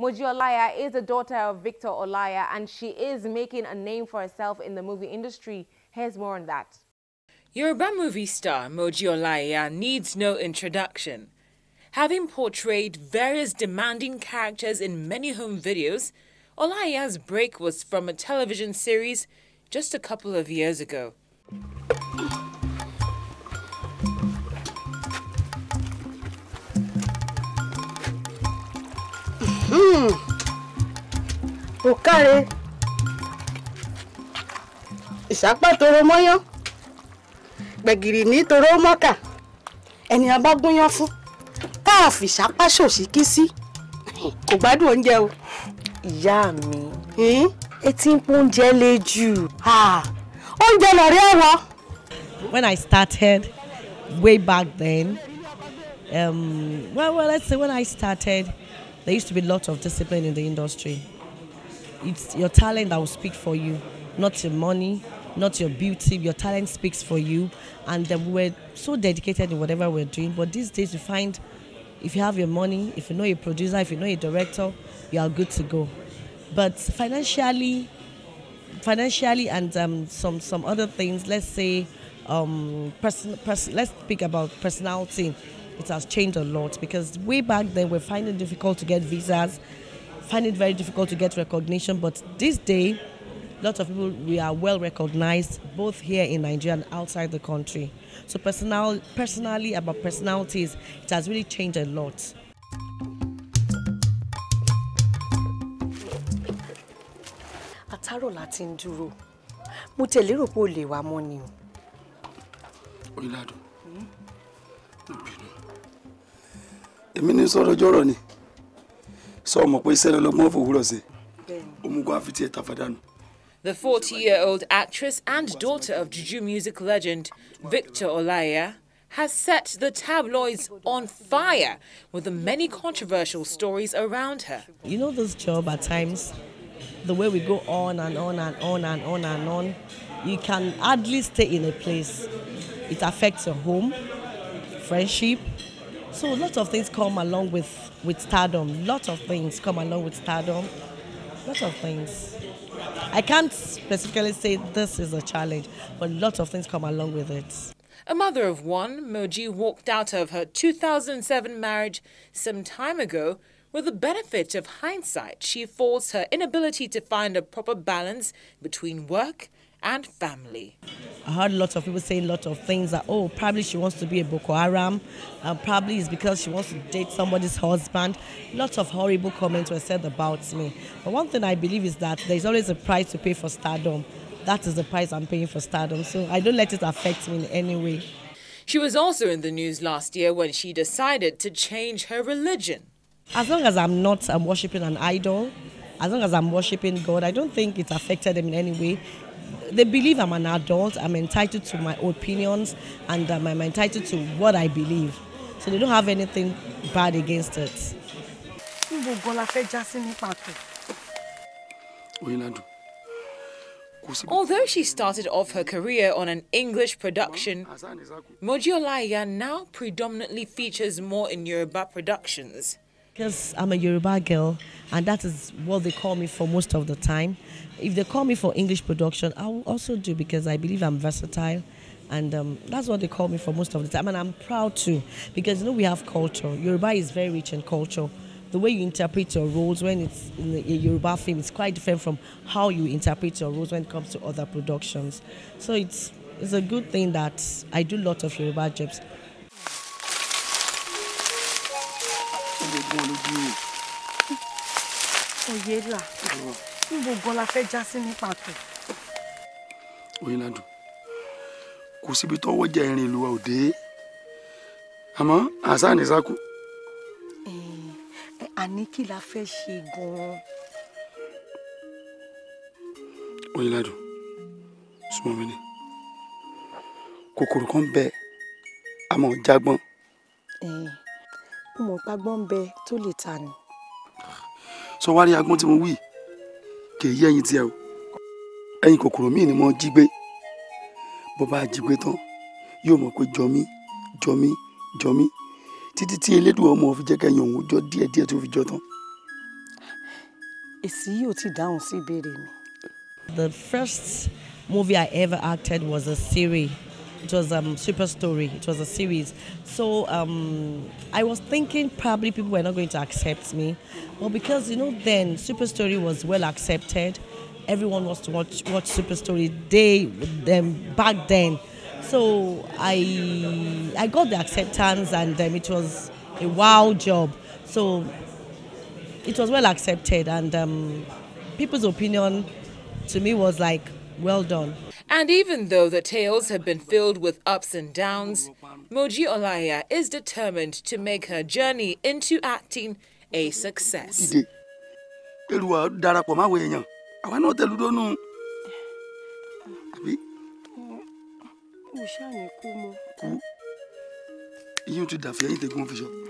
Moji Olaya is the daughter of Victor Olaya and she is making a name for herself in the movie industry. Here's more on that. Yoruba movie star Moji Olaya needs no introduction. Having portrayed various demanding characters in many home videos, Olaya's break was from a television series just a couple of years ago. ó káre ìsápá toro mọ́yán gbẹ̀gìrì ní toro mọ́kà ẹni abágúnyán fún káàfì ìsápá ṣòṣì kí sí kò gbádùn oúnjẹ o. ìyá mi etí ń pọ́n oúnjẹ lé jù. oúnjẹ lọ́rẹ́ wọ. When I started way back then um, well, well let's say when I started there used to be a lot of discipline in the industry. it's your talent that will speak for you, not your money, not your beauty. Your talent speaks for you. And we um, were so dedicated in whatever we are doing. But these days, you find if you have your money, if you know a producer, if you know a director, you are good to go. But financially, financially, and um, some some other things. Let's say, um, person, let's speak about personality. It has changed a lot because way back then we're finding difficult to get visas find it very difficult to get recognition, but this day, lots of people we are well recognized both here in Nigeria and outside the country. So personal, personally about personalities, it has really changed a lot. Àtàrọ̀ láti ń dúró. Mo tẹ̀lé rò pé o lè wá mọ́ ni o. Oyinládùn, mo bínú. Èmi ní sọ̀rọ̀ ni. The 40-year-old actress and daughter of Juju music legend Victor Olaya has set the tabloids on fire with the many controversial stories around her. You know this job at times, the way we go on and on and on and on and on, you can hardly stay in a place. It affects your home, friendship, so lots of things come along with, with stardom. Lots of things come along with stardom. Lots of things. I can't specifically say this is a challenge, but lots of things come along with it. A mother of one, Moji walked out of her 2007 marriage some time ago with the benefit of hindsight. She falls her inability to find a proper balance between work and family. I heard lots of people saying lots of things that, oh, probably she wants to be a Boko Haram, and probably it's because she wants to date somebody's husband. Lots of horrible comments were said about me. But one thing I believe is that there's always a price to pay for stardom. That is the price I'm paying for stardom, so I don't let it affect me in any way. She was also in the news last year when she decided to change her religion. As long as I'm not I'm um, worshipping an idol, as long as I'm worshipping God, I don't think it affected them in any way they believe I'm an adult, I'm entitled to my opinions, and um, I'm entitled to what I believe. So they don't have anything bad against it. Although she started off her career on an English production, Mojiolaya now predominantly features more in Yoruba productions. Because I'm a Yoruba girl, and that is what they call me for most of the time. If they call me for English production, I will also do because I believe I'm versatile. And um, that's what they call me for most of the time. And I'm proud too, because you know we have culture. Yoruba is very rich in culture the way you interpret your roles when it's in a Yoruba film is quite different from how you interpret your roles when it comes to other productions. So it's it's a good thing that I do a lot of Yoruba jobs. òye là níbo gan la fẹ́ já sí ní pàtó. Oyinladun kò síbi tọ́wọ́ jẹ irin ìlú wa òde àmọ́ àṣà ní sáku. àní kí la fẹ́ ṣe gan-an. Oyinladun súnmọ́ mi ni kòkòrò kan bẹ àmọ́ jágbọ́n. mo mọ̀ pa gbọ́n bẹ tó lè ta ni sọ wá rí tí mo wí kì í ẹyin tiẹ̀ o ẹyin kòkòrò míì ni mo jí gbé bó bá jí gbé tán yóò mọ̀ pé jọmí jọmí jọmí títí tí elédùn ọmọ fi jẹ́ kẹyìn òun jọ díẹ̀díẹ̀ tó fi jọ tán. èsì yìí ò tí dáhùn sí ìbéèrè mi. The first movie I ever acted was a series. it was a um, super story. It was a series. So um, I was thinking probably people were not going to accept me, but because you know then super story was well accepted, everyone was to watch watch super story day them um, back then. So I I got the acceptance and um, it was a wow job. So it was well accepted and um, people's opinion to me was like well done. And even though the tales have been filled with ups and downs, Moji Olaya is determined to make her journey into acting a success. ìyẹn ti dàfẹ́ yín tẹ́gun fi sọ.